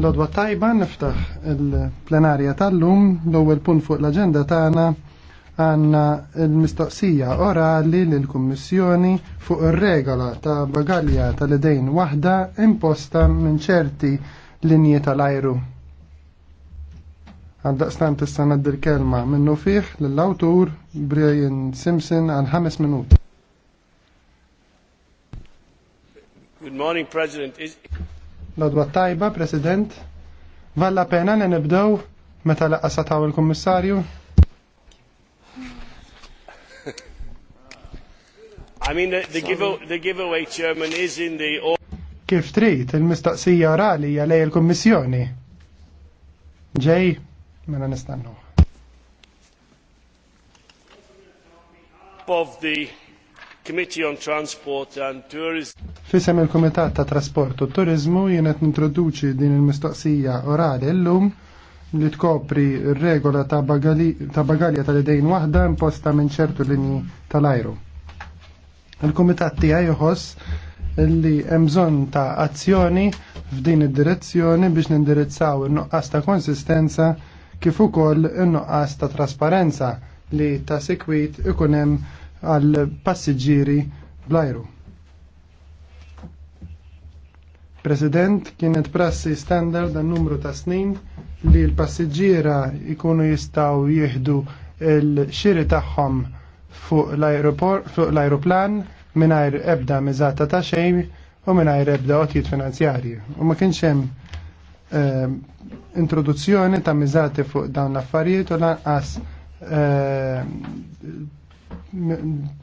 L-odwa tajba niftaħ il-plenarja tal-lum l-ewwel punt fuq l-aġenda tagħna għandna l-mistoqsija orali lill-Kummissjoni fuq ir-regola ta' bagalja tal-idejn waħda imposta minn ċerti linji tal-ajru. Għaddaqstan tista' naddi l-kelma minnu fih lill-awtur Brian Simpson għal ħames minuti. Good morning, President. Is l adwa tajba, President. Valla pena li nibdew meta laqqasataw il kommissarju I mean, the, the, give, the giveaway chairman is in the... Kif trit, il-mistaqsija orali għalej il kommissjoni Ġej, mena nistannu. Of the Committee on Transport and Tourism. Fisem il-Komitat ta' Trasport u Turizmu jenet nintroduċi din il-mistoqsija orali l-lum li tkopri regola ta' bagalja tal-idejn waħda imposta minn ċertu linji tal-ajru. Il-Komitat tiegħi joħoss li hemm bżonn ta' azzjoni f'din id-direzzjoni biex nindirizzaw il nuqqas ta' konsistenza kif ukoll in-nuqqas ta' trasparenza li ta' sekwit ikun hemm għal passiġġieri bl-ajru. President, kienet prassi standard dan numru ta' snin li l-passiġġiera ikunu jistaw jieħdu l-xiri tagħhom fuq l-aeroplan mingħajr ebda miżata ta' xejn u mingħajr ebda otjiet finanzjarji. U ma kienx hemm ehm, introduzzjoni ta' miżati fuq dawn l-affarijiet u lanqas ehm,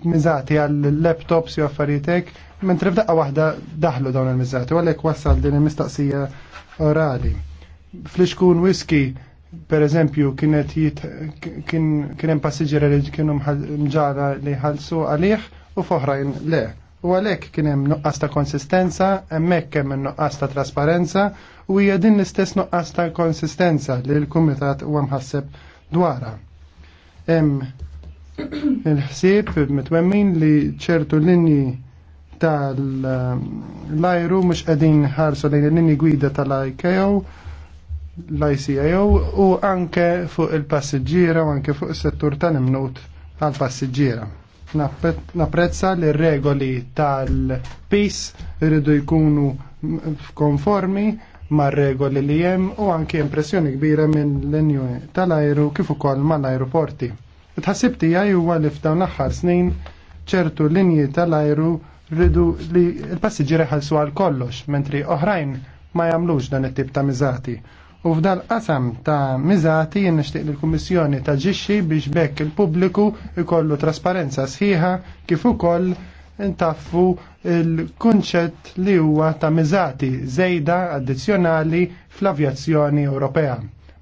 mizati għal laptops jew affaritek, minn trif waħda daħlu dawn il-mizati, u għalhekk wassal din il-mistaqsija orali. flix iskun whisky, per eżempju, kienet kien hemm passiġġieri li kienu mġara li ħalsu għalih u foħrajn le. U għalhekk kien hemm nuqqas ta' konsistenza, hemmhekk hemm nuqqas ta' trasparenza u hija din l-istess nuqqas ta' konsistenza li l-Kumitat huwa mħasseb dwarha. Hemm Il-ħsieb mitwemmin li ċertu linji tal-lajru mux qegħdin ħarsu lejn il-linji gwida tal-ICAO l-ICAO u anke fuq il-passiġġiera u anke fuq is-settur tal-imnut tal passiġġiera Napprezza li regoli tal-PIS rridu jkunu konformi mar regoli li jem u anke impressjoni kbira minn l linju tal-ajru kif ukoll mal-ajruporti. Tħassib tiegħi huwa li f'dawn l-aħħar snin ċertu linji tal-ajru rridu li l-passiġġieri ħalsu għal kollox, mentri oħrajn ma jagħmlux dan it-tip ta' miżati. U f'dal qasam ta' miżati nixtieq li l-Kummissjoni taġixxi biex bekk il-pubbliku ikollu trasparenza sħiħa kif ukoll intaffu il-kunċett li huwa ta' miżati żejda addizzjonali fl-avjazzjoni Ewropea.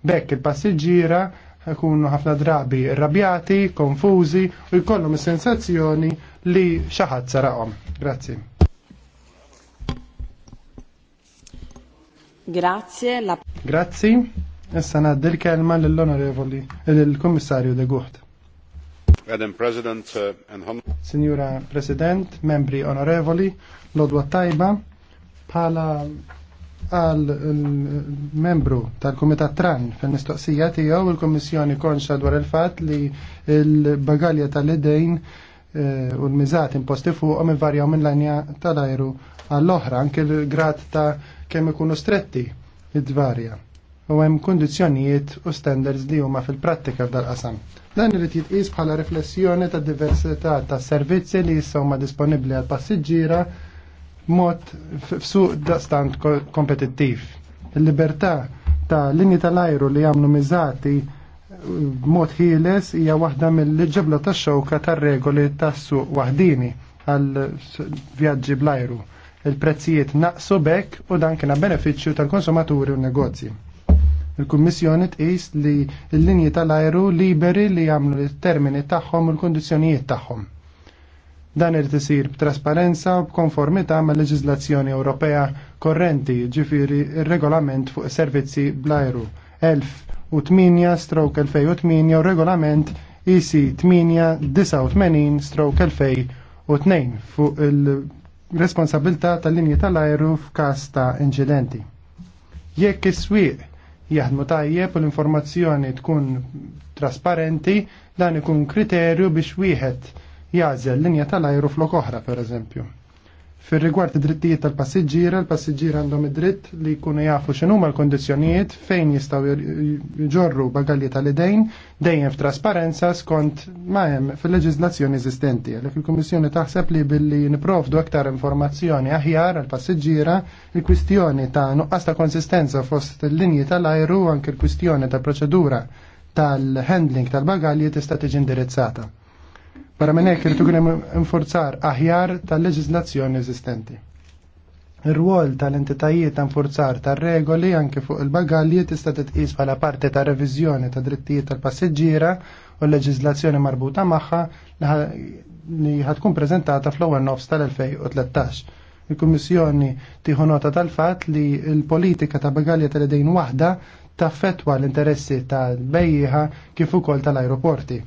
Bekk il-passiġġiera ħakunu ħafna drabi rabjati, konfuzi u jkollhom is-sensazzjoni li xi ħadd saraqhom. Grazzi. Grazie. La... Grazzi. Issa ngħaddi l-kelma lill-Onorevoli l kummissarju De Gucht. Madam President uh, and Signora President, membri onorevoli, l-odwa tajba, bħala għal membru tal-Kumitat Tran fil-mistoqsija tiegħu il-Kummissjoni konxa dwar il-fatt li l-bagalja tal-idejn eh, u l-miżat imposti fuqhom ivarjaw minn għanja tal-ajru għall-oħra anke l-grad ta' kemm ikunu stretti id-varja. U hemm kundizzjonijiet u standards li huma fil-prattika f'dal-qasam. Dan irid jitqis bħala riflessjoni ta' diversità ta' servizzi li jissa huma disponibbli għal passiġġiera mod f'suq daqstant kompetittiv. Il-libertà ta' linji tal-ajru li jagħmlu miżati b'mod eh, ħieles hija waħda mill-ġebla tax-xewka tar-regoli tas-suq waħdini għal vjaġġi bl-ajru. Il-prezzijiet naqsu bekk u dan kien benefiċċju tal-konsumaturi u negozji. Il-Kummissjoni tqis li l-linji tal-ajru liberi li jagħmlu l-termini tagħhom u l kundizzjonijiet tagħhom Dan irid isir b'trasparenza u b'konformità mal leġiżlazzjoni Ewropea korrenti, ġifiri ir-regolament fuq servizzi bl-ajru 1008 stroke 2008 u regolament EC 889 stroke 2002 fuq il-responsabilità tal-linji tal-ajru f'każ ta' inċidenti. Jekk is-swieq jaħdmu tajjeb u l-informazzjoni tkun trasparenti, dan ikun kriterju biex wieħed jażel linja tal-ajru flok oħra pereżempju. Fir rigward id-drittijiet tal-passiġġiera, l-passiġġiera għandhom id-dritt li jkunu jafu x'inhuma l-kondizzjonijiet fejn jistgħu jġorru bagalji tal-idejn dejjem f'trasparenza skont ma hemm fil-leġiżlazzjoni eżistenti. Għalhekk il-Kummissjoni taħseb li billi niprovdu aktar informazzjoni aħjar għal passiġġiera il-kwistjoni ta' nuqqas ta' konsistenza fost il-linji tal-ajru anke l-kwistjoni ta' proċedura tal-handling tal-bagalji tista' tiġi indirizzata. Para minn hekk irid ikun hemm infurzar aħjar tal-leġiżlazzjoni eżistenti. ir ruol tal-entitajiet ta' nfurzar tar-regoli anke fuq il-bagalji tista' titqis bħala parti ta' reviżjoni ta' drittijiet tal-passiġġiera u l-leġiżlazzjoni marbuta magħha li ħatkun preżentata fl-ewwel nofs tal-2013. Il-Kummissjoni tieħu nota tal-fatt li l-politika ta' bagalja tal-idejn waħda taffetwa l-interessi tal-bejjieħa kif ukoll tal-ajruporti.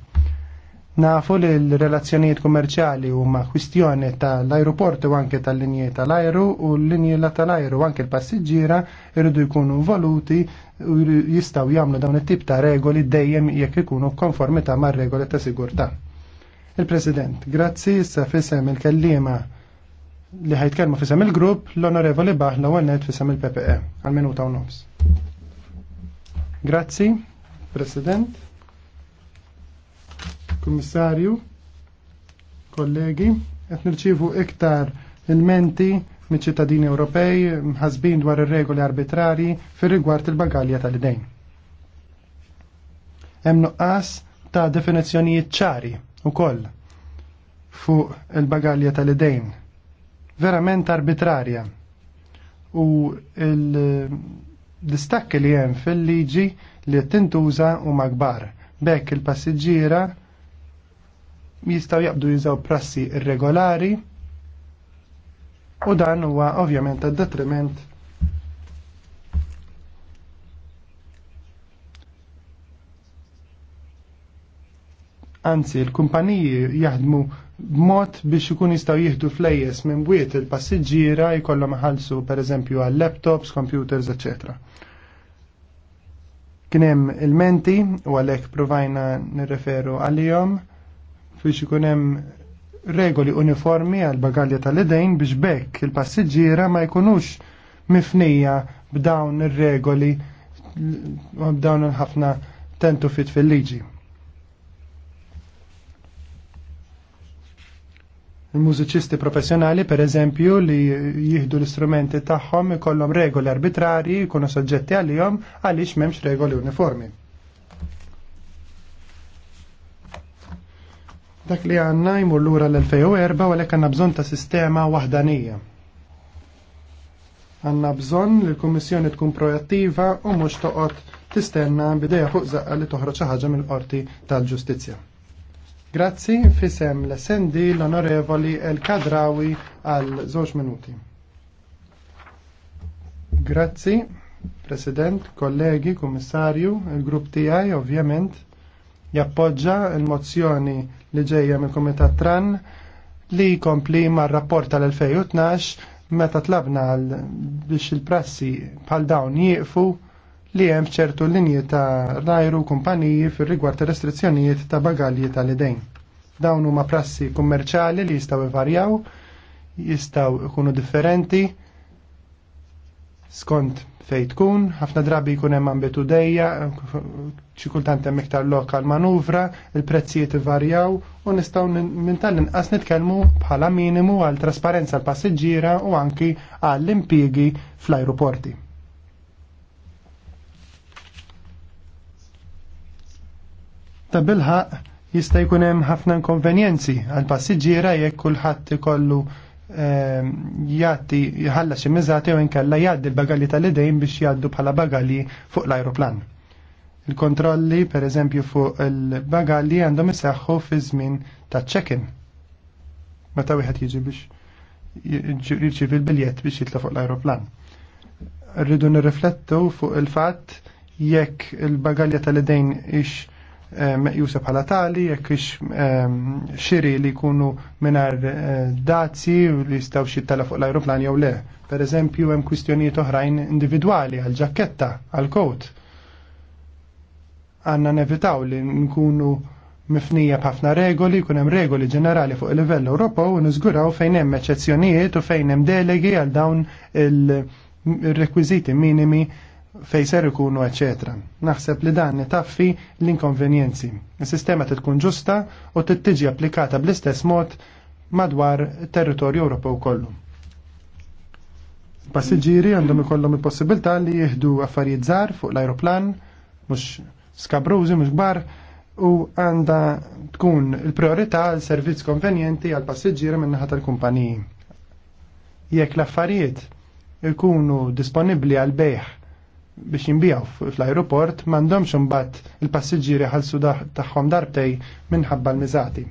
Nafu li l-relazzjonijiet u huma kwistjoni tal-ajruport u anke tal-linji tal-ajru u l-linji tal-ajru anke l-passiġġiera irridu jkunu valuti u jistaw jagħmlu dawn it-tip ta' regoli dejjem jekk ikunu konformità mar regoli ta' sigurtà. Il-President, grazzi issa fisem il-kellima li ħajtkellmu fisem il-grupp l-Onorevoli Baħ u għonet fisem il-PPE għal-minuta u nofs. Grazzi, President. Kummissarju, kollegi, qed nirċievu iktar ilmenti miċ ċittadini Ewropej mħazbin dwar ir-regoli arbitrari fir rigward il-bagalja tal-idejn. Hemm nuqqas ta' definizzjonijiet ċari koll fuq il-bagalja tal-idejn. Verament arbitrarja. U l-distakki li hemm fil-liġi li tintuża huma kbar. Bekk il-passiġġiera jistaw jaqdu jużaw prassi irregolari u dan huwa ovvjament għad detriment Anzi, l-kumpaniji jaħdmu b'mod biex ikun jistgħu jieħdu flejjes minn wiet il-passiġġiera jkollhom per pereżempju għal laptops, computers, etc. Kien hemm il-menti u għalhekk provajna nirreferu għalihom fiex ikun hemm regoli uniformi għal bagalja tal-idejn biex bekk il-passiġġiera ma jkunux mifnija b'dawn ir-regoli u b'dawn il-ħafna tentu fit fil-liġi. Il-mużiċisti professjonali, per eżempju, li jihdu l-istrumenti tagħhom ikollhom regoli arbitrarji jkunu soġġetti għalihom għaliex m'hemmx regoli uniformi. Dak li għanna jmur lura l-2004 u għalek għanna bżon ta' sistema wahdanija. Għanna bżon li l-Kommissjoni tkun projattiva u mux toqgħod tistenna bideja fuq zaqqa li toħroġ ħaġa mill-qorti tal-ġustizzja. Grazzi fisem l-essendi l-onorevoli El Kadrawi għal żewġ minuti. Grazzi, President, kollegi, kummissarju, il-grupp tiegħi ovvjament jappoġġa il-mozzjoni li ġejja mill kumitat Tran li jkompli mar-rapport tal-2012 meta tlabna biex il-prassi bħal dawn jieqfu li hemm ċertu linji ta' rajru kumpaniji fir-rigward ir restrizzjonijiet ta' bagalji tal-idejn. Dawn huma prassi kummerċali li jistgħu ivarjaw, jistgħu jkunu differenti, skont fej tkun, ħafna drabi jkun hemm ambitu dejja, xi kultant hemm iktar lokal manuvra, il-prezzijiet ivarjaw u nistgħu minn tal-inqas nitkellmu bħala minimu għal trasparenza l passiġġiera u anki għall impjiegi fl-ajruporti. Ta' bilħaq jista' jkun hemm ħafna inkonvenjenzi għal passiġġiera jekk kulħadd ikollu Ehm, jgħaddi, jħalla xi miżati u inkella jgħaddi l-bagalli tal-idejn biex jgħaddu bħala bagalli fuq l-ajruplan. Il-kontrolli, per eżempju, fuq il-bagalli għandhom isaħħu fi żmien ta' check-in. Meta wieħed jiġi biex jirċivi l-biljett biex jitla fuq l-ajruplan. Rridu nirriflettu fuq il-fatt jekk il-bagalja tal-idejn ix Eh, meqjusa bħala tali, jekk eh, xiri li jkunu minar eh, dazzi li jistaw xittala fuq l-aeroplan jew le. Per eżempju, hemm kwistjonijiet oħrajn individwali għal-ġaketta, għal-kot. Għanna nevitaw li nkunu mifnija b'ħafna regoli, kun hemm regoli ġenerali fuq il-livell Ewropew u niżguraw fejn hemm eċċezzjonijiet u fejn hemm delegi għal dawn il-rekwiżiti minimi fej ser ikunu, eċetera. Naħseb li dan taffi l-inkonvenjenzi. il sistema tkun ġusta u tittiġi applikata bl-istess mod madwar territorju Ewropew kollu. Passiġġieri għandhom ikollhom il-possibilità li jieħdu affarijiet żgħar fuq l-ajruplan mhux skabrużi mhux kbar u għandha tkun il-priorità għal servizz konvenjenti għal passiġġieri min-naħa tal-kumpaniji. Jekk l-affarijiet ikunu disponibbli għal bejħ biex jimbijaw fl-aeroport mandomx imbagħad il-passiġġieri ħalsu tagħhom darbtej minħabba l-miżati.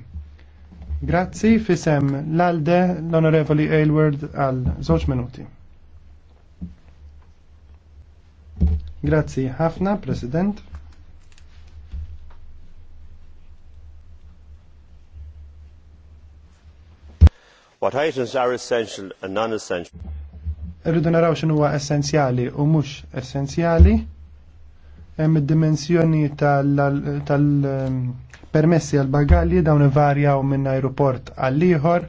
Grazzi fisem l-alde l-Onorevoli Aylward għal żewġ minuti. Grazzi ħafna, President. What items are essential and non-essential? Irridu naraw huwa essenzjali u mhux essenzjali hemm id-dimensjoni tal-permessi għal bagalji dawn ivarjaw minn aeroport għal ieħor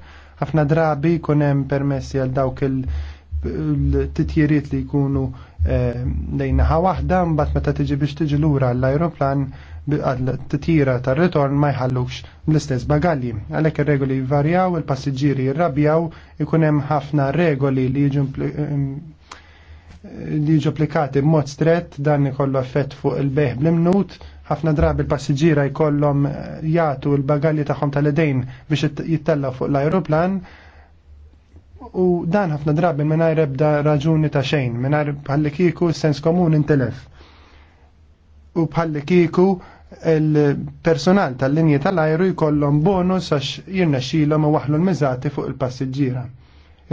ħafna drabi jkun hemm permessi għal dawk il-titjiriet li jkunu eh, lejn naħa waħda mbagħad meta tiġi biex tiġi lura l ajroplan t-tira tar ritorn ma jħallux l-istess bagalli. Għalhekk ir-regoli jvarjaw, il-passiġġieri jirrabjaw, ikun hemm ħafna regoli li jiġu li jiġu applikati b'mod stret, dan ikollu effett fuq il-beħ bl-imnut, ħafna drabi l-passiġġiera jkollhom eh, jagħtu l-bagalli tagħhom tal-idejn biex jittella fuq l-ajruplan u dan ħafna drabi mingħajr ebda raġuni ta' xejn, mingħajr bħalli kieku sens komun intelef. U bħalli il-personal tal-linji tal-ajru jkollhom bonus għax jirnexxilhom u waħlu l-miżati fuq il-passiġġiera.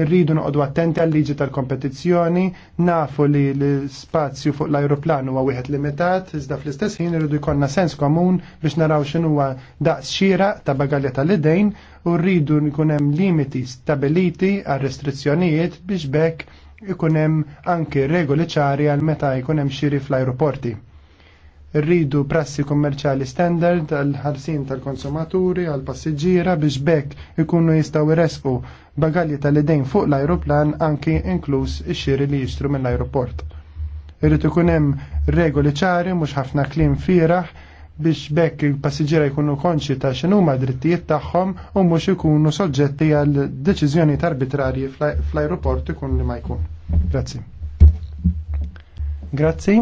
Irridu noqogħdu attenti għal liġi tal-kompetizzjoni, nafu li l-spazju fuq l-ajruplan huwa wieħed limitat, iżda fl-istess ħin irridu jkollna sens komun biex naraw x'inhu huwa daqs xira ta' bagalja tal-idejn u rridu jkun hemm limiti stabiliti għal restrizzjonijiet biex bekk ikun hemm anke regoli ċari għal meta jkun hemm xiri fl-ajruporti rridu prassi kommerċali standard għal ħarsin tal-konsumaturi, għal passiġġiera biex bekk ikunu jistaw iresqu bagalji tal-idejn fuq l-ajruplan anki inkluż ix-xiri li jixtru mill-ajruport. Irrid ikun hemm regoli ċari mhux ħafna kliem fieraħ biex bekk il-passiġġiera jkunu konċi ta' x'inhuma drittijiet tagħhom u mhux ikunu soġġetti għal deċiżjoni arbitrarji fl-ajruport ikun li ma jkun. Grazzi. Grazzi,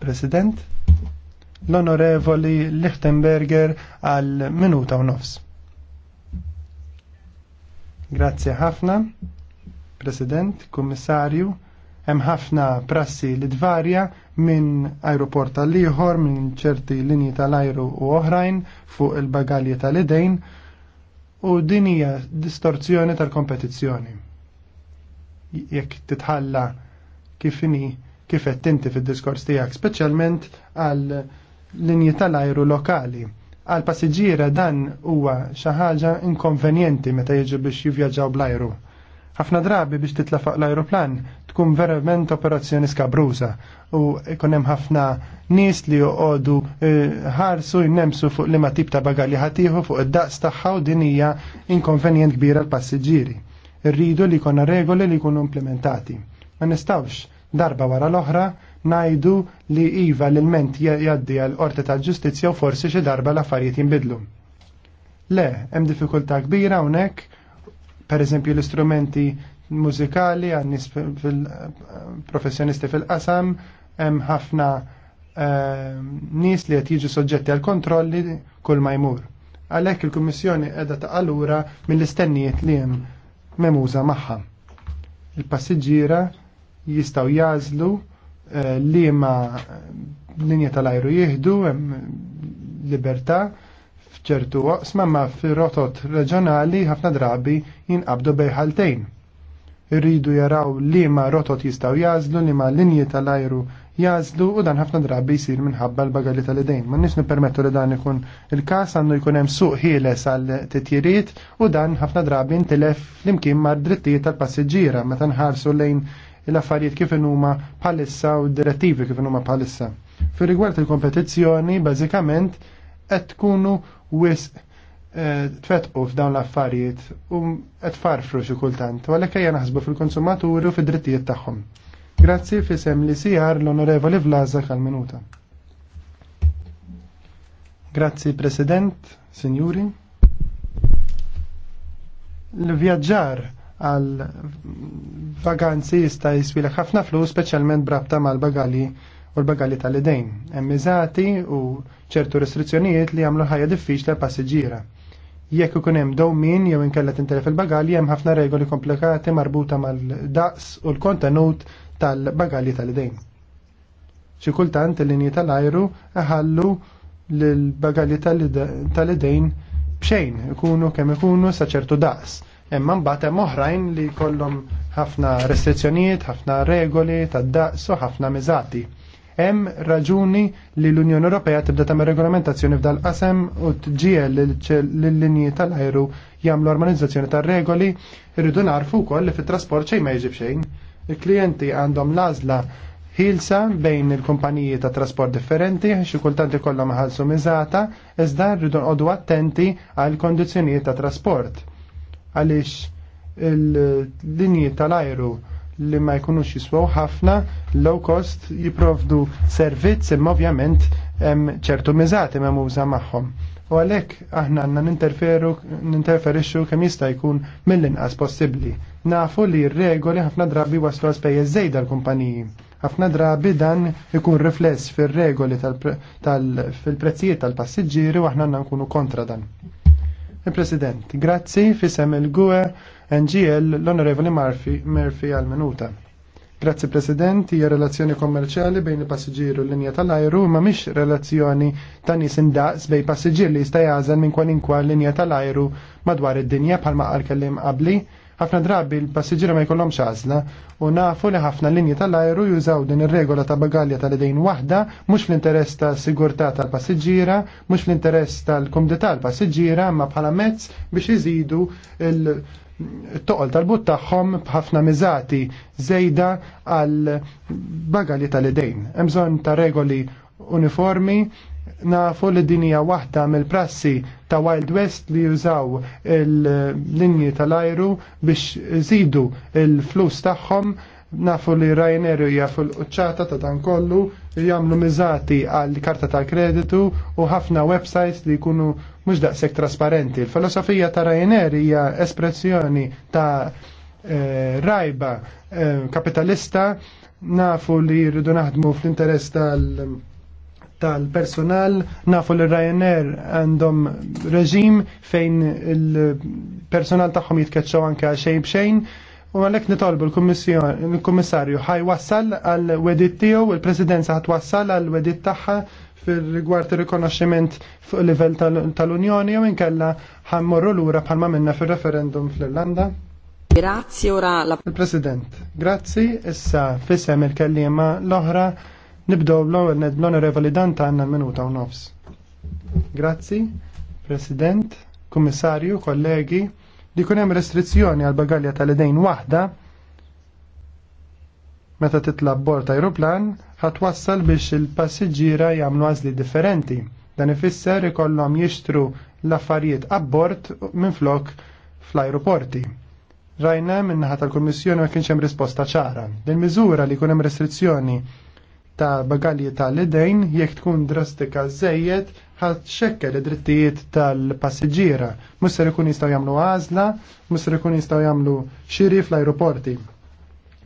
President l-Onorevoli Lichtenberger għal minuta u nofs. Grazzi ħafna, President, Kummissarju, hemm ħafna prassi li tvarja minn aeroporta tal ieħor minn ċerti linji tal-ajru u oħrajn fuq il-bagalji tal-idejn u din hija distorzjoni tal-kompetizzjoni. Jekk titħalla kif kif qed fid-diskors tiegħek, speċjalment għal linji tal-ajru lokali. Għal passiġġiera dan huwa xi ħaġa inkonvenjenti meta jiġu biex jivvjaġġaw bl-ajru. Ħafna drabi biex titla' fuq l-ajruplan tkun verament operazzjoni skabruża u ikun hemm ħafna nies li joqogħdu eh, ħarsu jnemsu fuq liema tip ta' bagalji ħatiħu fuq id-daqs tagħha u din hija inkonvenjent kbira l-passiġġieri. Irridu li jkollna regoli li jkunu implementati. Ma nistgħux darba wara l-oħra najdu li iva l-ment jaddi għal qorti tal-ġustizja u forsi xi darba l-affarijiet jinbidlu. Le, hemm diffikultà kbira hawnhekk, per eżempju l-istrumenti mużikali għan professjonisti fil-qasam, hemm ħafna nis ehm, nies li qed jiġu soġġetti għal kontrolli kull ma jmur. Għalhekk il-Kummissjoni qiegħda taqalura mill-istennijiet li hemm memuża magħha. Il-passiġġiera jistgħu jażlu Eh, li ma linja tal-ajru jihdu, libertà, fċertu waqsma ma fil-rotot reġjonali ħafna drabi jinqabdu bejħaltejn. Irridu jaraw li ma rotot jistaw jazlu, li ma linji tal-ajru jazlu u dan ħafna drabi jisir minħabba l-bagali tal-idejn. Ma nisnu permettu li dan ikun il-kas għandu jkun hemm suq ħieles għal titjiriet u dan ħafna drabi ntilef l-imkien drittijiet tal-passiġġiera meta nħarsu lejn l-affarijiet kif huma bħalissa u d-direttivi kif huma bħalissa. Fir rigward il-kompetizzjoni, bażikament qed tkunu wisq eh, tfetqu f'dawn l-affarijiet u qed farfru xi kultant, u għalhekk ejja naħsbu fil-konsumaturi u fid-drittijiet tagħhom. Grazzi fisem li sijar l-Onorevoli Vlaza għal-minuta. Grazzi President, Sinjuri. L-vjaġġar għal vaganzi jista' jiswilek ħafna flus speċjalment brabta mal-bagali u l-bagali tal-idejn. Hemm u ċertu restrizzjonijiet li jagħmlu ħajja diffiċli għal passiġġiera. Jekk ikun hemm dowmin jew inkella tintelef il-bagali hemm ħafna regoli komplikati marbuta mal-daqs u l-kontenut tal-bagali tal-idejn. Xi kultant il-linji tal-ajru ħallu l-bagali tal-idejn bxejn ikunu kemm ikunu sa ċertu daqs Imma mbagħad hemm oħrajn li jkollhom ħafna restrizzjonijiet, ħafna regoli ta' daqs u ħafna miżati. Hemm raġuni li l-Unjoni Ewropea tibda tagħmel regolamentazzjoni f'dal qasem u tġiel lill-linji tal-ajru jagħmlu armonizzazzjoni tar-regoli, irridu narfu wkoll li fit-trasport xejn ma jiġib xejn. Il-klijenti għandhom l-għażla ħilsa bejn il-kumpaniji ta' trasport differenti, xi kultant ikollhom ħalsu miżata, iżda rridu nqogħdu attenti għal kondizzjonijiet ta' trasport għaliex il-linji tal-ajru li ma jkunux jiswaw ħafna low cost jiprovdu servizz imma ovvjament ċertu miżati ma muża magħhom. U għalhekk aħna għandna ninterferu ninterferixxu kemm jista' jkun mill-inqas possibbli. Nafu li r-regoli ħafna drabi waslu għal żejda l-kumpaniji. Ħafna drabi dan ikun rifless fir-regoli tal-prezzijiet tal-passiġġieri u aħna għandna nkunu kontra dan. Il-President, grazzi fisem il-GUE NGL l-Onorevoli Murphy, Murphy għal-minuta. Grazzi President, hija relazzjoni kommerċjali bejn il-passiġġieru l-linja tal-ajru ma mhix relazzjoni ta' nies indaqs bejn passiġġier li jista' jażel minn kwalinkwa linja tal-ajru madwar id-dinja bħalma qal kellim qabli Ħafna drabi l-passiġġieri ma jkollhomx għażla u nafu li ħafna linji tal-ajru jużaw din ir-regola ta' bagalja tal-idejn waħda mhux fl-interess ta' sigurtà tal-passiġġiera, mhux fl-interess tal kumdità tal-passiġġiera, ma bħala mezz biex iżidu il- toqol tal-but tagħhom b'ħafna miżati żejda għal bagalji tal-idejn. Hemm bżonn ta' regoli uniformi nafu li dinija waħda mill-prassi ta' Wild West li jużaw il-linji tal-ajru biex zidu il-flus tagħhom nafu li Ryanair hija fil-qċata ta' dan kollu jagħmlu miżati għal karta ta' kreditu u ħafna websites li jkunu mhux daqshekk trasparenti. Il-filosofija ta' Ryanair hija espressjoni ta' eh, rajba eh, kapitalista nafu li rridu naħdmu fl-interess tal- tal-personal, nafu li Ryanair għandhom reġim fejn il-personal tagħhom jitkeċċaw anke xejn b'xejn. U għalek nitolbu l-Kummissarju ħaj wassal għal wedit tiegħu, il-Presidenza ħat wassal għal wedit tagħha fil-rigward ir-rikonoxximent fuq livell tal-Unjoni jew inkella ħammorru lura bħalma minna fir-referendum fl-Irlanda. Grazzi ora la... Il-President, grazzi, issa fissem il-kellima l-oħra Nibdow l-ewwel l-Onorevoli Danta għandna minuta u nofs. Grazzi, President, Kummissarju, kollegi, li kun hemm restrizzjoni għal bagalja tal-idejn waħda meta titla bord aeroplan ħat wassal biex il-passiġġiera jagħmlu għażli differenti. Dan ifisser ikollhom jixtru l-affarijiet abbord minn flok fl-aeroporti. Rajna minnaħa tal-Kummissjoni ma kienx hemm risposta ċara. Din miżura li kun hemm restrizzjoni ta' bagalji tal-idejn jekk tkun drastika żejjed ħad xekkel id-drittijiet tal-passiġġiera. Musser ikun jistgħu jagħmlu għażla, musser ikun jistgħu jagħmlu xiri fl-ajruporti.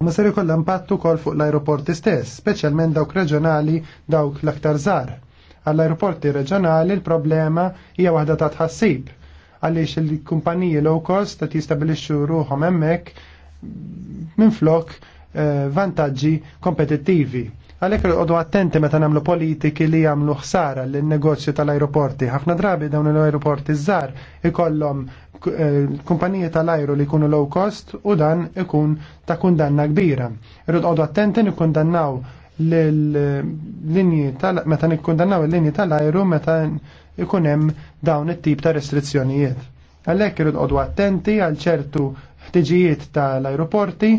Musser l impatt ukoll fuq l-ajruporti stess, speċjalment dawk reġjonali dawk l-aktar żgħar. Għall-ajruporti reġjonali l-problema hija waħda ta' tħassib għaliex il-kumpaniji low cost qed jistabilixxu ruħhom hemmhekk minflok eh, vantaġġi kompetittivi Għalhekk irqodu attenti meta nagħmlu politiki li jagħmlu ħsara lin negozju tal-ajruporti. Ħafna drabi dawn l-ajruporti żgħar ikollhom eh, kumpaniji tal-ajru li jkunu low cost u dan ikun ta' kundanna kbira. Irqodu attenti nikkundannaw l-linji tal meta nikkundannaw il-linji tal-ajru meta ikun hemm dawn it-tip ta' restrizzjonijiet. Għalhekk irqodu attenti għal ċertu ħtiġijiet tal-ajruporti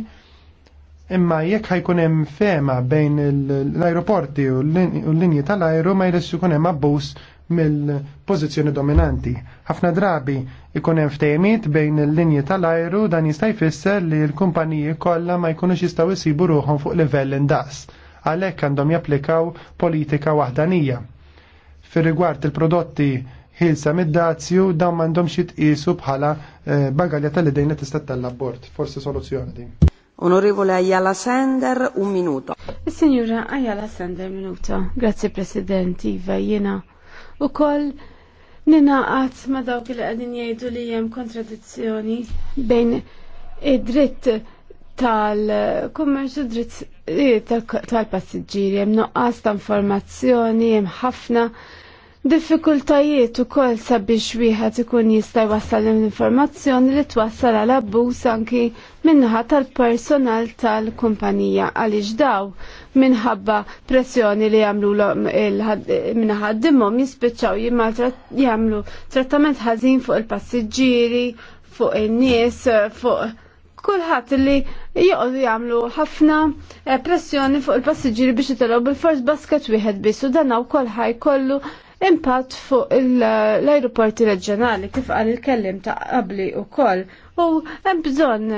Imma jekk ħajkun hemm fema bejn l-ajruporti u l-linji tal-ajru ma jressu jkun hemm abbuż mill-pożizzjoni dominanti. Ħafna drabi ikun hemm ftehimiet bejn il-linji tal-ajru dan jista' jfisser li l-kumpaniji kollha ma jkunux jistgħu jsibu ruħhom fuq livell indaqs għalhekk għandhom japplikaw politika waħdanija. Fir-rigward il-prodotti ħilsa mid-dazju dawn m'għandhomx jitqisu bħala eh, bagalja tal-idejn li tista' tal-abort. Forsi soluzzjoni din. Onorevole Ayala Sender, un minuto. Signora Ayala Sender, minuto. Grazie President, Iva, jena. U koll għat ma dawk li għadin jgħidu li jem kontradizzjoni bejn id-dritt eh, tal kommerċu dritt tal-passiġġieri, jem noqqas ta' informazzjoni, jem ħafna Diffikultajiet u koll sabiex wieħed ikun jista' jwassal l-informazzjoni li twassal għal abbuż anki minnaħa tal-personal tal-kumpanija għaliex daw minħabba pressjoni li jagħmlu minnaħa ħaddimhom jispiċċaw jagħmlu trattament ħażin fuq il-passiġġieri, fuq in-nies, fuq kulħadd li joqgħdu jagħmlu ħafna eh, pressjoni fuq il-passiġġieri biex itelgħu bil-fors basket wieħed biss u dan wkoll ħaj kollu impatt fuq l-aeroporti reġjonali kif għal il-kellim ta' qabli wkoll u hemm bżonn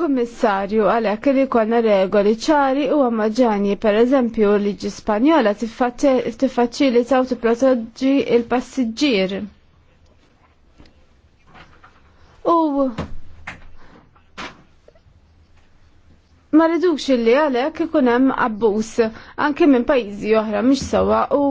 Kommissarju għalhekk li jkollna regoli ċari u maġġani pereżempju liġi Spanjola tiffaċilitaw tipproteġġi il-passiġġier. U ma ridux illi għalhekk ikun hemm abbuż anke minn pajjiżi oħra mhix sewwa u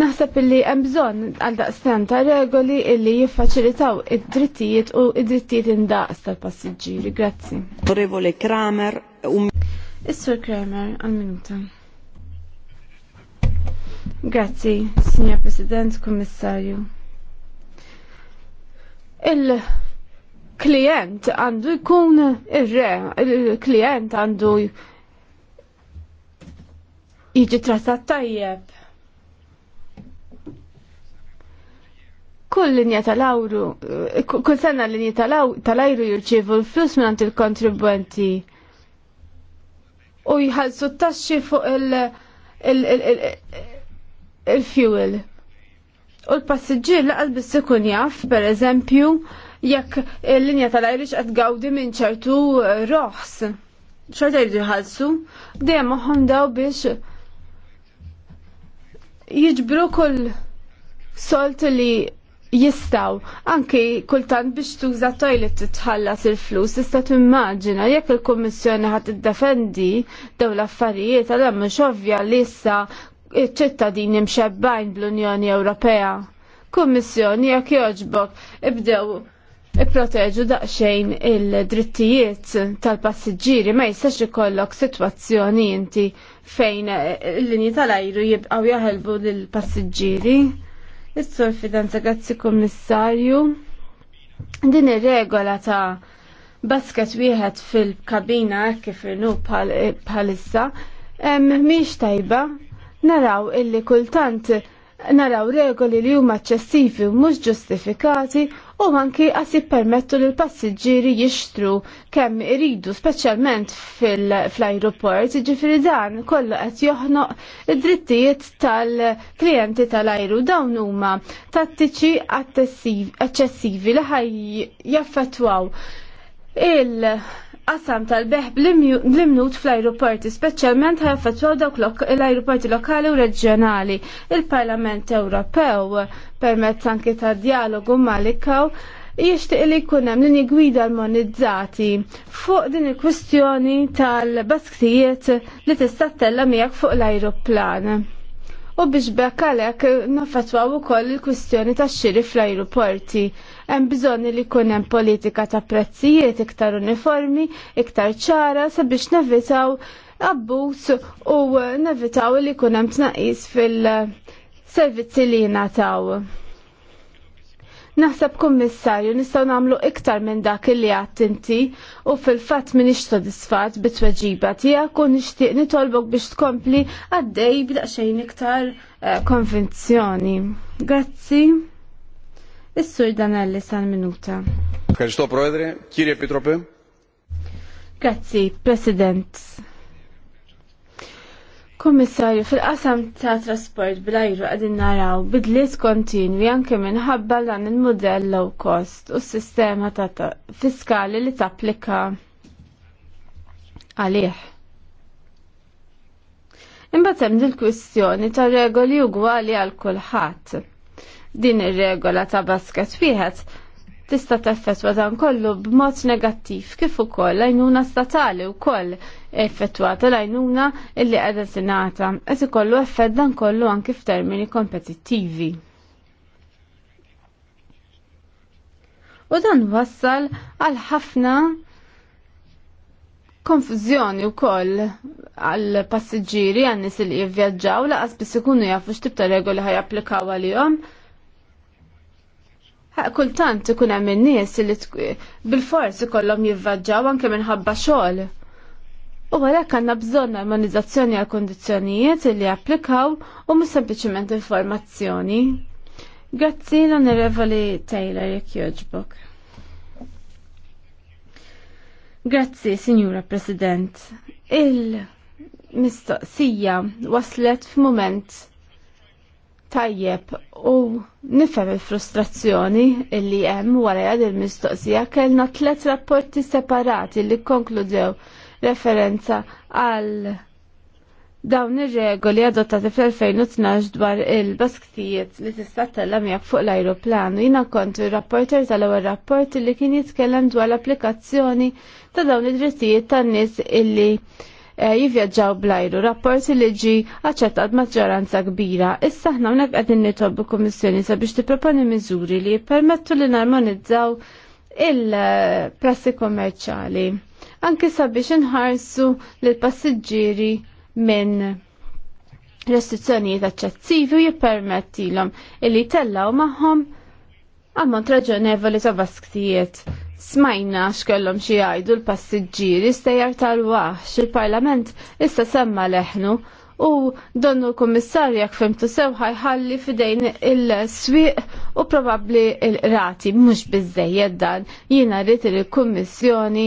Naħseb illi hemm bżonn għal daqstan ta' regoli illi jiffaċilitaw id-drittijiet u id-drittijiet indaqs tal-passiġġieri. Grazzi. Onorevole Kramer. Is-Sur Kramer għal-minuta. Grazzi, Signor President, Kommissarju. Il klient għandu jkun ir-re, il-klient għandu jiġi trattat tajjeb. kull linja tal-awru, eh, kull sena linja tal-ajru jirċivu l-flus minn il-kontribwenti u jħalsu t-taxxi fuq il-fuel. U l-passiġġier laqal biss ikun jaf, per eżempju, jekk il-linja tal-ajrix qed gawdi minn ċertu eh, roħs. ċerta jridu jħalsu, dejjem moħħom daw biex jiġbru kull solt li jistaw anki kultant biex tuża toilet titħallas il-flus tista' timmaġina jekk il-Kummissjoni ħad iddefendi daw l-affarijiet għal hemm ovvja li issa ċ-ċittadini mxebbajn bl-Unjoni Ewropea. Kummissjoni jekk jogħġbok ibdew ipproteġu daqsxejn il-drittijiet tal-passiġġieri ma jistax ikollok sitwazzjoni inti fejn l-linji tal-ajru jibqgħu jaħelbu lill-passiġġieri. Is-sur fidanza grazzi kummissarju. Din ir-regola ta' basket wieħed fil-kabina kif irnu bħalissa mhix tajba naraw illi kultant naraw regoli li huma ċessivi u mhux ġustifikati u anki qas jippermettu li l-passiġġieri jixtru kemm iridu, speċjalment fl-ajruport, jiġifieri dan kollu qed joħnoq id-drittijiet tal-klijenti tal-ajru dawn huma tattiċi eċċessivi li ħaj jaffettwaw il- qasam tal-beħ bl-imnut fl-aeroporti, speċjalment ħafetwa dawk l-aeroporti lokali u reġjonali. Il-Parlament Ewropew, permezz anki ta' dialogu malikaw, jixtieq li jkun hemm linji gwida armonizzati fuq din il-kwistjoni tal-basktijiet li tista' istattella miegħek fuq l-ajruplan u biex bekkalek għalhekk u ukoll il-kwistjoni tax-xiri fl-ajruporti. Hemm bżonn li jkun hemm politika ta' prezzijiet iktar uniformi, iktar ċara sabiex nevitaw abbuż u nevitaw li jkun hemm tnaqqis fil-servizzi li jingħataw. Naħseb kummissarju nistgħu nagħmlu iktar minn dak li għadt inti u fil-fatt m'iniex sodisfatt bit-tweġiba tiegħek u nixtieq nitolbok biex tkompli għaddej b'daqsxejn iktar eh, konvinzjoni. Grazzi. Is-sur Danelli sal-minuta. Kħarġtu, Proedre, kiri epitropi? Grazzi, President. Kommissarju, fil-qasam ta' trasport bl-ajru għadin naraw bidliet kontinwi anke minħabba l-għan il-modell low cost u s-sistema ta' fiskali li tapplika għalih. Imbagħad hemm il-kwistjoni ta' regoli ugwali għal kulħadd. Din ir-regola ta' basket wieħed tista' teffettwa dan kollu b'mod negattiv kif ukoll għajnuna statali wkoll effettwata l-għajnuna illi qiegħda tingħata qed ikollu effett dan kollu anke f'termini kompetittivi. U dan wassal għal ħafna konfuzjoni u koll għal passiġġieri għannis li jivvjaġġaw laqas biss ikunu jafu x'tib ta' regoli ħaj applikaw għalihom kultant ikun hemm in-nies li bil-fors ikollhom jivvaġġaw anke minħabba xogħol. U għalhekk għandna bżonn armonizzazzjoni għal kondizzjonijiet li applikaw u mhux sempliċement informazzjoni. Grazzi l-Onorevoli Taylor jekk jogħġbok. Grazzi, Signora President. Il-mistoqsija waslet f'mument Tajjeb, u nifhem il-frustrazzjoni illi hemm wara il-mistoqsija kellna tliet rapporti separati li konkludew referenza għal dawn ir-regoli adottati fl-2012 dwar il-basktijiet li tista' tellem jekk fuq l-ajruplanu. Jiena kont ir-rapporter tal-ewwel rapport li kien jitkellem dwar l-applikazzjoni ta' dawn id-drittijiet tan-nies illi Eh, jivvjaġġaw blajru, rapporti li ġi għacċettat maġġoranza kbira. Issa ħna hawnhekk qegħdin nitolbu kommissjoni sabiex tipproponi miżuri li jippermettu li narmonizzaw il-prassi kommerċali. Anki sabiex inħarsu l passiġġieri minn restrizzjonijiet eċċessivi u jippermettilhom illi tellaw magħhom ammont raġonevoli ta' basktijiet Smajna x'kellhom xi jgħidu l-passiġġieri stejjer tal-waħx il-Parlament issa semma leħnu u donnu l-Kummissarju jekk fimtu sew ħajħalli f'idejn il-swieq u probabbli l-rati mhux biżejjed dan jiena rrid il-Kummissjoni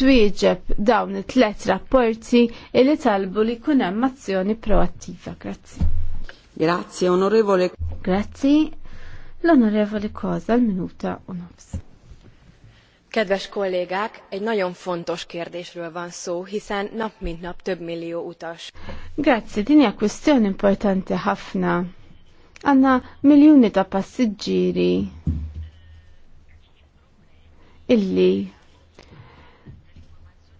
twieġeb dawn it-tlet rapporti li talbu li jkun hemm azzjoni proattiva. Grazzi. Grazie, onorevole. Grazzi. L-onorevoli Cosa l-minuta u nofs. Kedves kollégák, egy nagyon fontos kérdésről van szó, hiszen nap mint nap több millió utas. Grazie, din hija kwestjoni importanti ħafna. Għanna miljuni ta' passiġġieri illi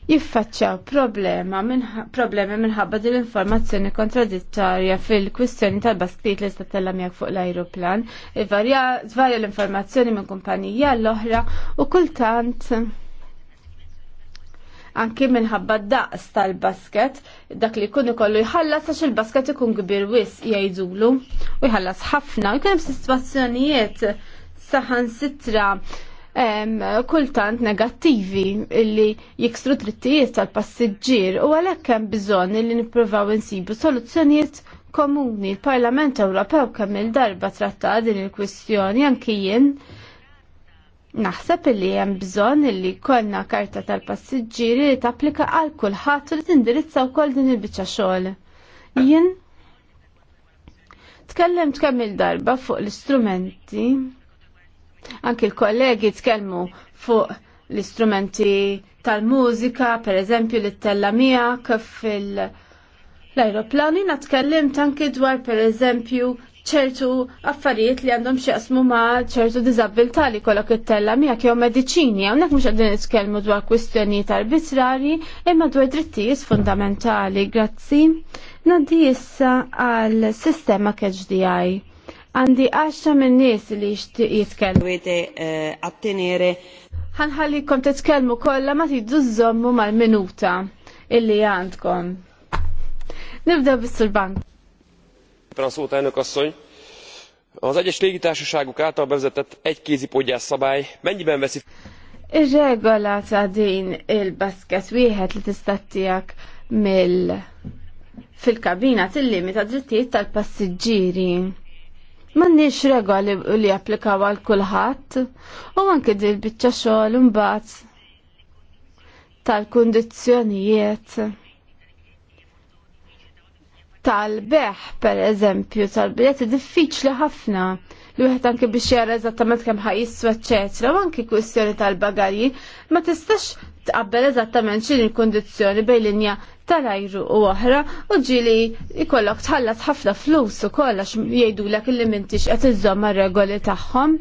jiffaċċaw problema min, problemi minħabba din l-informazzjoni kontradittorja fil-kwistjoni tal-basklit li statella jak fuq l-ajruplan, varja l-informazzjoni minn kumpanija l-oħra u kultant anki minħabba daqs tal-basket, dak li kunu kollu jħallas għax il-basket ikun kbir wis jgħidulu u jħallas ħafna u jkun hemm sitwazzjonijiet saħan sitra kultant negattivi illi jikstru drittijiet tal-passiġġier u għalhekk hemm bżonn illi nippruvaw insibu soluzzjonijiet komuni. Il-Parlament Ewropew kemm il-darba tratta din il-kwistjoni anki jien naħseb illi hemm bżonn illi kollna karta tal-passiġġieri li tapplika għal kulħadd u li tindirizza wkoll din il-biċċa xogħol. Jien tkellem kemm il-darba fuq l-istrumenti Anki l-kollegi tkellmu fuq l-istrumenti tal-mużika, per eżempju l-tella kif fil-aeroplani, natkellimt anki dwar per eżempju ċertu affarijiet li għandhom xieqsmu ma ċertu dizabilta li kollok it-tella miegħek jew mediċini, hawnhekk mhux qegħdin nitkellmu dwar kwistjonijiet arbitrarji imma dwar drittijiet fundamentali. Grazzi. Nadi issa għal sistema KHDI. Għandi għaxa minn nies li jixtieq jitkellmu. Eh, attenere. Ħanħallikom titkellmu kolla ma tiddu żommu mal-minuta illi għandkom. Nibda bis-surbank. Prasuta elnök asszony, az egyes légitársaságuk által bevezetett egy kézi podgyász szabály mennyiben veszi? Ir-regola ta' din il-basket wieħed li tista' tiegħek mill fil-kabina tillimita drittijiet tal-passiġġieri mannix regoli li applikaw għal kulħadd u anke dil biċċa xogħol imbagħad tal-kundizzjonijiet tal-beħ per eżempju tal-biljetti diffiċli ħafna li wieħed anke biex jara eżattament kemm ħajissu eċċetra u anke kwistjoni tal-bagarji ma tistax tqabbel eżattament x'in il-kundizzjoni bejn linja tal-ajru u oħra u ġili ikollok tħallas ħafna flus u kollax jgħidulek li mintix qed ar regoli tagħhom.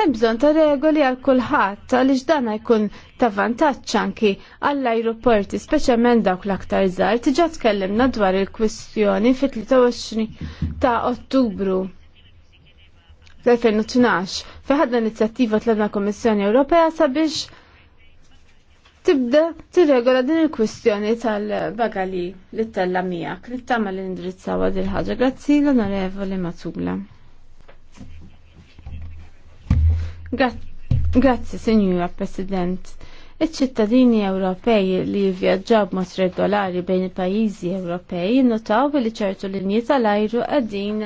Hemm bżonn ta' regoli għal kulħadd għaliex dan jkun ta' vantaġġ anki għall-ajruporti, speċjalment dawk l-aktar żgħar. Diġà tkellimna dwar il-kwistjoni fit-23 ta' Ottubru l-2012 fi ħadna inizjattiva tlabna Kommissjoni Ewropea sabiex tibda tirregola din il-kwistjoni tal-bagali li tella miegħek li tagħmel din dil ħaġa. Grazzi l-onorevoli Matula. Grazzi, Sinjura President. Iċ-ċittadini Ewropej li jivvjaġġaw b'mod regolari bejn il-pajjiżi Ewropej notaw li ċertu linji tal-ajru qegħdin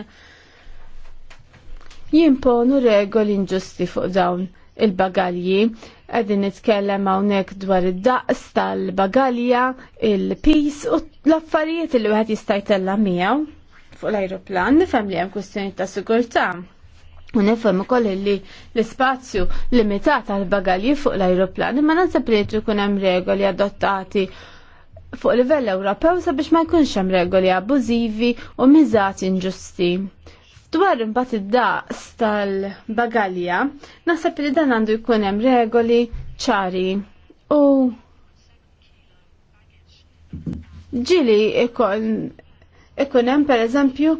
jimponu regoli inġusti fuq dawn il-bagalji. Għedin nitkellem hawnhekk dwar id-daqs tal-bagalja, il-pis u l-affarijiet li wieħed jista' jtellha miegħu fuq l-ajruplan nifhem li hemm kustjoni ta' sigurta. U nifhem ukoll li l-ispazju limitat għal bagalji fuq l-ajruplan imma nansab li jkun hemm regoli adottati fuq livell Ewropew sabiex ma jkunx hemm regoli abbużivi u miżati inġusti. Dwar imbagħad id-daqs tal-bagalja, naħseb li dan għandu jkun hemm regoli ċari u ġili ikun hemm pereżempju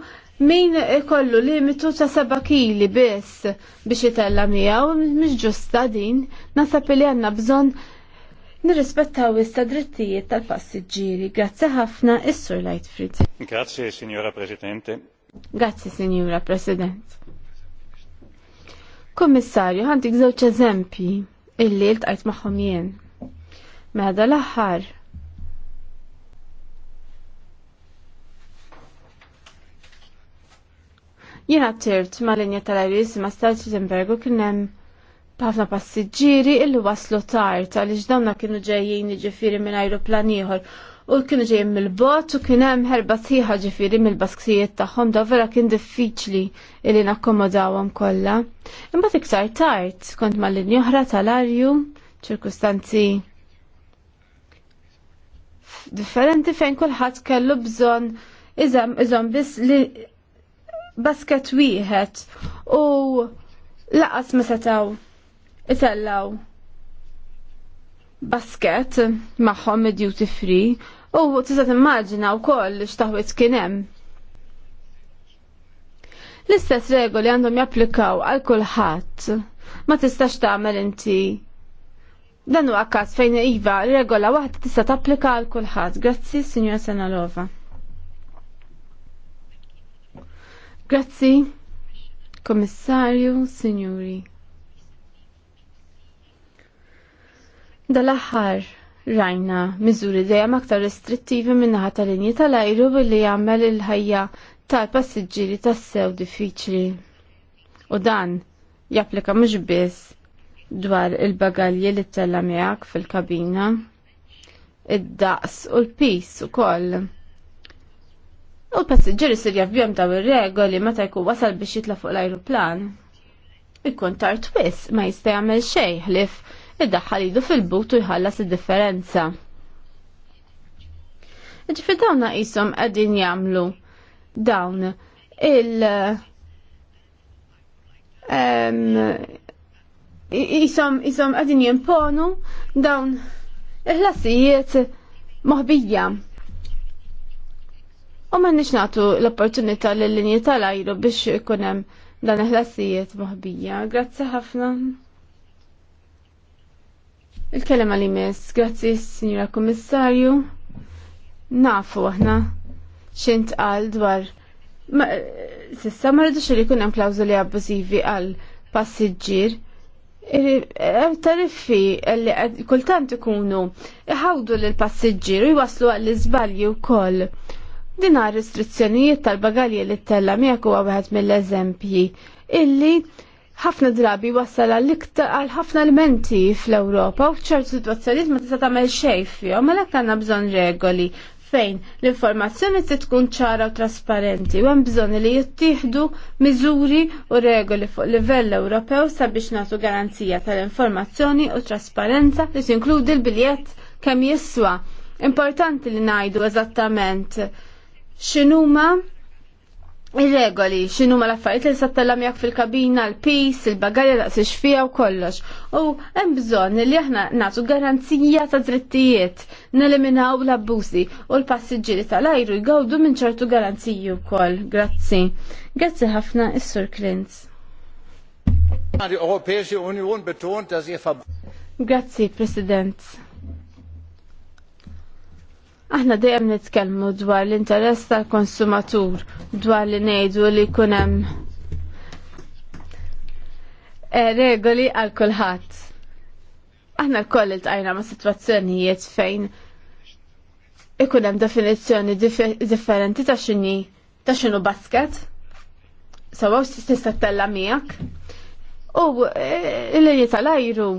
min ikollu limitu ta' seba' kili biss biex jitella miegħu mhix ġusta din, naħseb li għandna bżonn nirrispettaw issa drittijiet tal-passiġġieri. Grazzi ħafna, is-Sur Lightfried. Grazzi, Signora Presidente. Grazzi, Sinjura President. Kommissarju, għandik żewġ eżempji illi l-tqajt magħhom jien. Meda mela, l-aħħar Jiena tirt ma linja tal-Iris ma stat Wittenbergu kien hemm ħafna passiġġieri illi waslu tard għaliex dawna kienu ġejjin jiġifieri minn ajruplan ieħor u kienu ġejjin mill-bot u kien hemm ħerba sħiħa ġifieri mill-baskijiet tagħhom da vera kien diffiċli li nakkomodawhom kollha. Imbagħad iktar tard kont mal-linja oħra tal-arju ċirkustanzi differenti fejn kulħadd kellu bżonn iżom iżom biss li basket wieħed u laqas ma setaw itellaw basket magħhom duty free U tista' timmaġina wkoll x'taħwit kien hemm. L-istess regoli għandhom japplikaw għal kulħadd. Ma tistax tagħmel inti Dan huwa każ fejn iva regola waħda tista' tapplika għal kulħadd. Grazzi, Sinjora Senalova. Grazzi, Kommissarju, Sinjuri. Dal-aħħar rajna miżuri dejjem aktar restrittivi minnaħa tal-linji tal-ajru billi jagħmel il-ħajja tal-passiġġieri tas-sew diffiċli. U dan japplika mhux biss dwar il-bagalji li tella miegħek fil-kabina, id-daqs u l-pis ukoll. U l-passiġġieri sir jafbjom daw ir-regoli meta jkun wasal biex jitla fuq l-ajruplan. Ikun tard twiss ma jista' jagħmel xejn ħlif id-daħħal idu fil-but u jħallas id-differenza. Ġifi dawna jisom għedin jamlu dawn il- jisom jisom għedin jimponu dawn il-ħlasijiet moħbija. U ma nix natu l-opportunità l-linji tal-ajru biex kunem dan il-ħlasijiet moħbija. Grazzi ħafna. Il-kelema li mis, grazzi signora Kommissarju. Nafu aħna xint għal dwar. sissa ma rridux li kunem klawzuli abbużivi għal passiġġier. Tariffi li kultant ikunu iħawdu l passiġġier u jwaslu għall iżbalji wkoll. Dinar restrizzjonijiet tal-bagalji li t-tella miegħek huwa wieħed mill-eżempji illi ħafna drabi wassal għal ħafna elementi fl-Ewropa u ċertu situazzjoniet ma tista' tagħmel xejn fihom, għalhekk għandna bżonn regoli fejn l-informazzjoni se tkun ċara u trasparenti u hemm bżonn li jittieħdu miżuri u regoli fuq livell Ewropew sabiex nagħtu garanzija tal-informazzjoni u trasparenza li tinkludi l-biljett kemm jiswa. Importanti li ngħidu eżattament x'inhuma Ir-regoli, x'inhu ma l-affarijiet li se tellam jak fil-kabina, l-pis, il-bagalja daqs fija u kollox. U hemm bżonn li aħna nagħtu garanzija ta' drittijiet, neliminaw l-abbużi u l-passiġġieri tal-ajru jgawdu minn ċertu garanziji wkoll. Grazzi. Grazzi ħafna is-Sur Klintz. Grazzi, President. Aħna dejjem nitkellmu dwar l-interess tal-konsumatur, dwar li ngħidu li jkun hemm regoli għal kulħadd. Aħna l-koll iltqajna ma' sitwazzjonijiet fejn ikun hemm definizzjoni differenti ta' x'inhi ta' x'inhu basket. Sawa tista' tella miegħek. U l-linji tal-ajru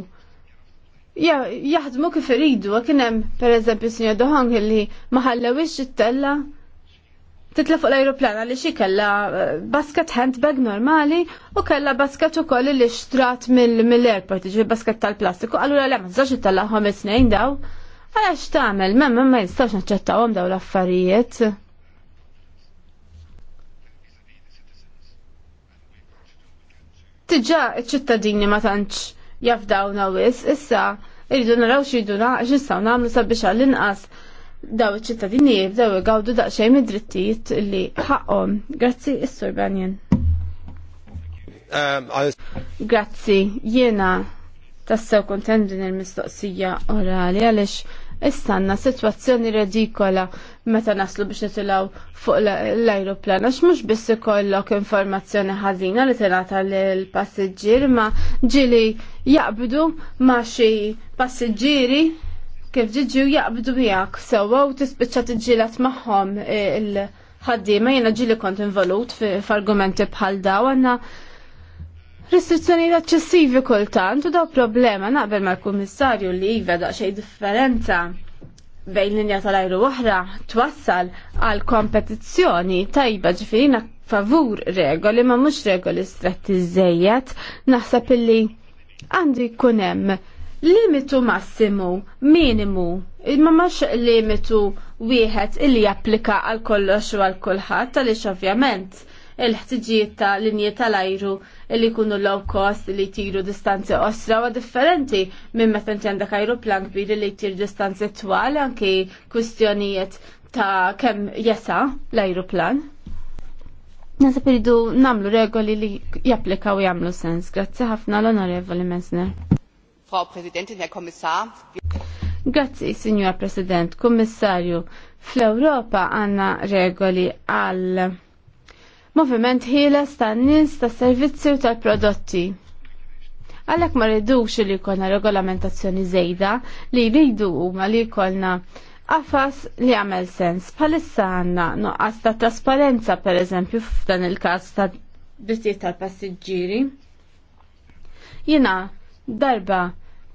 jaħdmu kif iridu, kien hemm pereżempju Sinja Dohang li ma ħallewix it-tella titla fuq l-ajruplan għaliex xi kellha eh, basket handbag normali u kellha basket ukoll li xtrat mill-airport, ġi basket tal-plastiku, allura le ma tistax it-tella ħames snejn daw. Għalax tagħmel, memma ma jistax naċċettawhom daw l-affarijiet. Tiġa ċ ċittadini ma tantx jafdawna wis, issa Irridu naraw na' x'nistgħu nagħmlu sabiex għall-inqas daw iċ-ċittadini jibdew igawdu daqsxejn id-drittijiet li ħaqhom. Grazzi is-Sur Banjen. Um, Grazzi, jiena tassew kontendin il-mistoqsija orali għaliex Istanna situazzjoni redikola meta naslu biex nitilaw fuq l aeroplan għax mux biss ikollok informazzjoni ħażina li tingħata lill-passiġġier ma ġili jaqbdu ma xi passiġġieri kif u jaqbdu miegħek sewwa u tispiċċa tiġġieled magħhom eh, il- ħaddiema jena ġili kont involut f'argumenti bħal daw għanna Restrizzjoni eċċessivi kultant u daw problema naqbel mal-kummissarju li iva daqsxejn differenza bejn linja tal-ajru oħra twassal għal kompetizzjoni tajba ġifirina favur regoli ma mhux regoli stretti zzejjet naħseb illi għandu jkun hemm limitu massimu minimu imma mhux limitu wieħed illi japplika għal kollox u għal kulħadd għaliex ovvjament il-ħtiġijiet ta' linji tal-ajru li jkunu low cost li jtiru distanzi osra u differenti minn meta inti għandek ajruplan kbir li jtir distanzi twal anki kwistjonijiet ta' kemm jesa l-ajruplan. Nasa peridu namlu regoli li japplikaw jagħmlu sens. Grazzi ħafna l-Onorevoli Mesner. Frau Presidentin, Herr Kommissar. Grazzi, Signor President, Kommissarju. Fl-Europa għanna regoli għal moviment ħieles tan-nies, tas-servizzi u tal-prodotti. Għalhekk ma rridux li jkollna regolamentazzjoni żejda li jridu huma li jkollna għafas li għamel sens. Bħalissa għandna nuqqas ta' trasparenza pereżempju f'dan il-każ ta' bittijiet tal-passiġġieri. Jina darba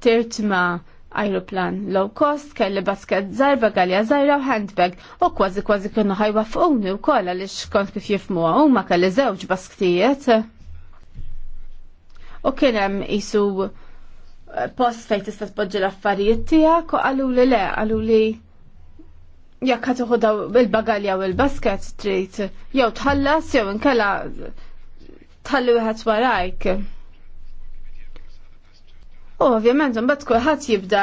tirtma ma' ajruplan low cost, kelli basket zarba, galja zarra u handbag u kważi kważi kienu ħajwa fuqni u kolla li xkont kif jifmu u ma kelli zewġ basktijiet. U kienem jisu eh, post fejt tista tpoġġi l-affarijiet tiegħek u għalu li le, għalu li jekk ħatuħu daw il-bagalja u il-basket trid jew tħallas jew inkella tħallu wieħed warajk. U ovvjament mbagħad kulħadd jibda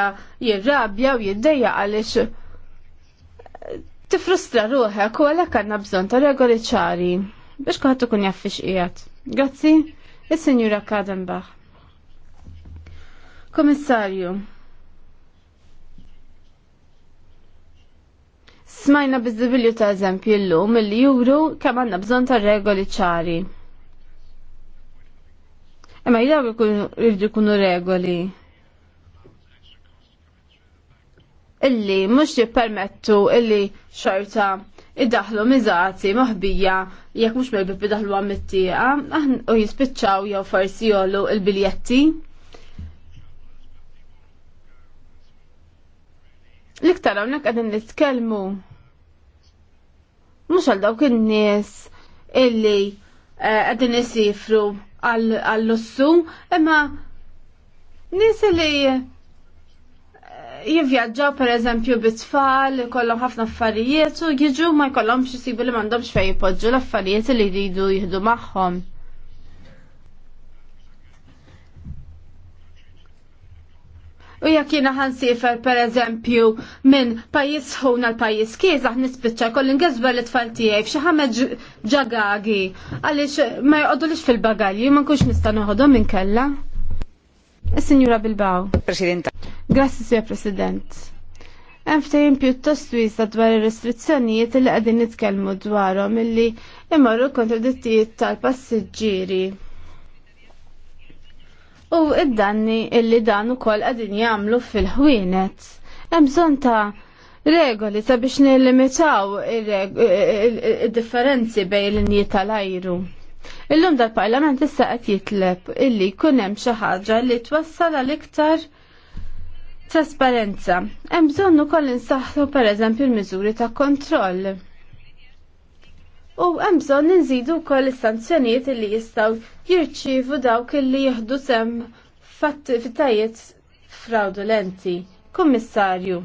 jirrabja u jiddejja għaliex eh, tifrustra ruħek u għalhekk għandna bżonn ta' regoli ċari biex kulħadd ikun jaffix qiegħed. Grazzi, is-Sinjura Kadenbach. Komissarju, smajna bizzibilju ta' eżempju l-lum li juru kemm għandna bżonn ta' regoli ċari. Imma jdaw irridu jkunu regoli. Illi mhux jippermettu illi xorta iddaħlu miżati maħbija jekk mhux mill-bib idaħlu għam u jispiċċaw jew forsi jollu il-biljetti. L-iktar hawnhekk qegħdin nitkellmu mhux għal dawk in-nies illi għedin isifru għall-lussu, imma nis li eh, jivjaġġaw per eżempju bit-tfal, kollom ħafna affarijiet u jiġu ma jkollhomx xisibu li m'għandhomx xfej poġġu l-affarijiet li jridu jieħdu magħhom. jekk jiena ħansifer pereżempju minn pajjiż ħuna l-pajjiż kieżaħ nispiċċa jkoll ngeżber l-tfal tiegħi f'xi ħameġ ġagagi għaliex ma jqogħdulix fil-bagalji ma nkunx nista' noħodhom minn kella. Is-Sinjura Bilbao. Presidenta. Grazzi, Sir President. Hemm ftehim pjuttost wiesa dwar ir-restrizzjonijiet li qegħdin nitkellmu dwarhom illi imorru kontradittijiet tal-passiġġieri u id-danni illi dan ukoll għadin jagħmlu fil-ħwienet. Hemm bżonn ta' regoli sabiex nillimitaw id-differenzi bejn l-inji tal-ajru. Illum dal-Parlament issa qed jitleb illi jkun hemm xi ħaġa li twassal għal iktar trasparenza. Hemm bżonn ukoll insaħħu pereżempju l-miżuri ta' kontroll u hemm bżonn inżidu wkoll is-sanzjonijiet li jistgħu jirċievu dawk li jieħdu sem f'attivitajiet fraudulenti. Kummissarju,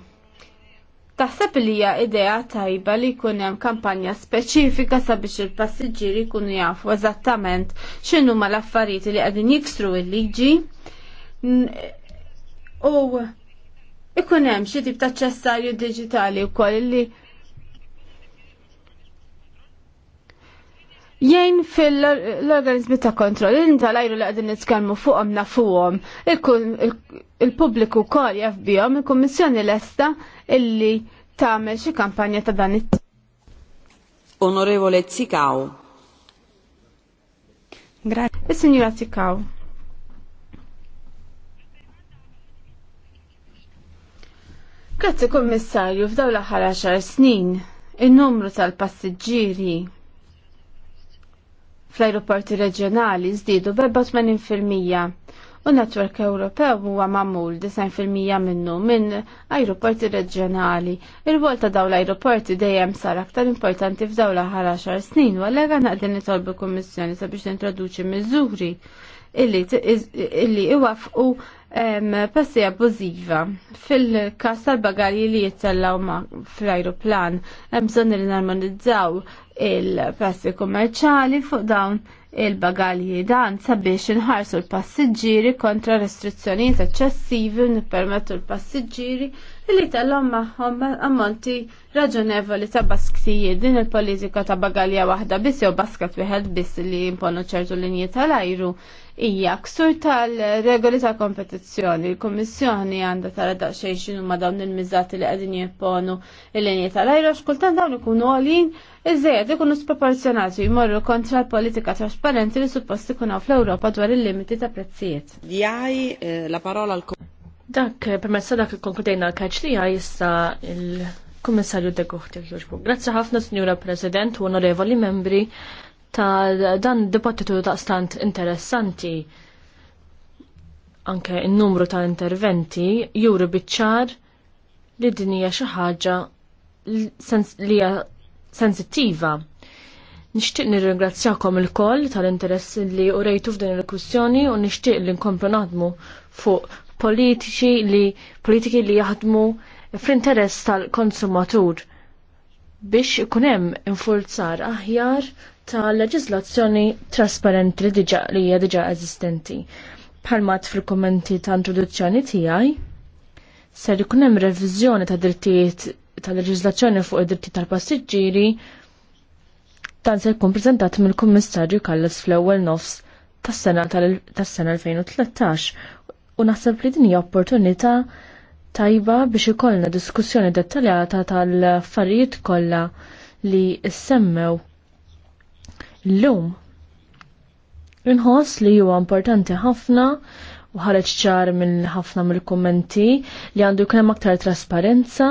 taħseb li hija idea tajba li jkun hemm kampanja speċifika sabiex il-passiġġieri jkunu jafu eżattament x'inhu ma l-affarijiet li qegħdin jiksru l-liġi u ikun hemm xi tip ta' ċessarju diġitali wkoll li Jien fil-organizmi ta' kontroll, inta lajru li għadin nitkellmu fuqhom nafuhom, il-pubbliku kol jaf bihom, il-Kummissjoni lesta illi tagħmel xi kampanja ta' dan it Onorevole Zikaw. Grazie. signora Zikaw. Grazzi Kummissarju, f'dawla ħara xar snin, in-numru tal-passiġġieri fl-aeroporti reġjonali żdiedu b'84% u netwerk Ewropew huwa mamul 90% minnu minn aeroporti reġjonali. ir volta ta' dawn l-aeroporti dejjem sar aktar importanti f'daw l-aħħar 10 snin u għallega naqdin nitolbu kummissjoni sabiex introduċi miżuri illi iwafqu passi abbużiva. Fil-kas tal-bagalji li jitsellaw ma fl-aeroplan, bżon li narmonizzaw il-passi kummerċali fuq dawn il-bagalji dan sabiex inħarsu l-passiġġieri kontra restrizzjonijiet eċċessivi u nippermettu l-passiġġieri li tellhom magħhom ammonti raġonevoli ta' basktijiet din il-politika ta' bagalja waħda biss jew basket wieħed biss li jimponu ċertu linji tal-ajru hija ksur tal-regoli ta' kompetizzjoni. il komissjoni għandha tara daqsxejn x'inhu ma' dawn il-miżati li qegħdin jipponu il-linji tal-ajra xkultan dawn ikunu għolin iżejjed ikunu sproporzjonati jmorru kontra l-politika trasparenti li suppost ikunu fl europa dwar il-limiti ta' prezzijiet. Jaj eh, la parola l Dak, permessa dak il-konkludejna l-kaċ li jissa il-Kummissarju Deguħti l Grazzi ħafna, Signora President, u onorevoli membri ta' dan dibattitu ta' stant interessanti. Anke n numru ta' interventi juri biċċar li din hija xi ħaġa li hija sensittiva. Nixtieq nirringrazzjakom il-koll tal-interess li urejtu f'din il-kwistjoni u nixtieq li nkomplu naħdmu fuq politiċi li politiki li jaħdmu fl-interess tal-konsumatur biex ikun hemm infurzar aħjar ta' leġislazzjoni trasparenti li diġa li hija diġa eżistenti. Palmat fil-kommenti ta' introduzzjoni tiegħi ser ikun hemm reviżjoni ta' drittijiet ta' leġislazzjoni fuq id-drittijiet tal-passiġġieri dan se jkun preżentat mill-Kummissarju Kallas fl-ewwel nofs tas-sena tas-sena 2013 u naħseb li din hija opportunità tajba biex ikollna diskussjoni dettaljata tal-affarijiet kollha li semmew L-lum, inħoss li huwa importanti ħafna u ħareġ ċar minn ħafna mill-kummenti li għandu jkun hemm aktar trasparenza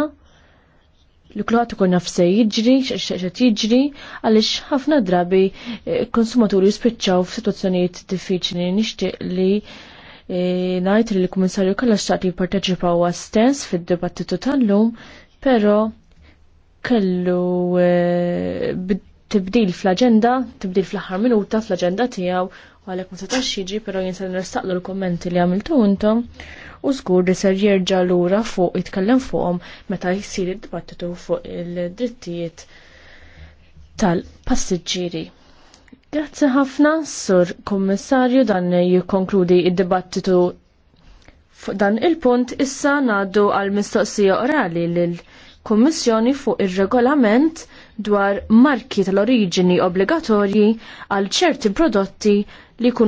li kulħadd ikun naf se jiġri, x'qed jiġri, għaliex ħafna drabi eh, konsumaturi jispiċċaw f-situazzjoniet diffiċli nixtieq li eh, najt li l-Kummissarju kalla xtaqt jipparteċipa huwa stess fid-dibattitu tal-lum, però kellu eh, tibdil fl-agenda, tibdil fl-aħħar minuta fl-agenda tiegħu u għalhekk ma setax jiġi però jien se nistaqlu l-kommenti li għamiltu untom, u żgur li ser jerġa' lura fuq jitkellem fuqhom meta jsir id-dibattitu fuq il-drittijiet tal-passiġġieri. Grazzi ħafna, Sur Kommissarju, dan jikkonkludi id-dibattitu fuq dan il-punt issa naddu għal mistoqsija orali lill-Kummissjoni fuq ir-regolament dwar marki tal-oriġini obbligatorji għal ċerti prodotti li kun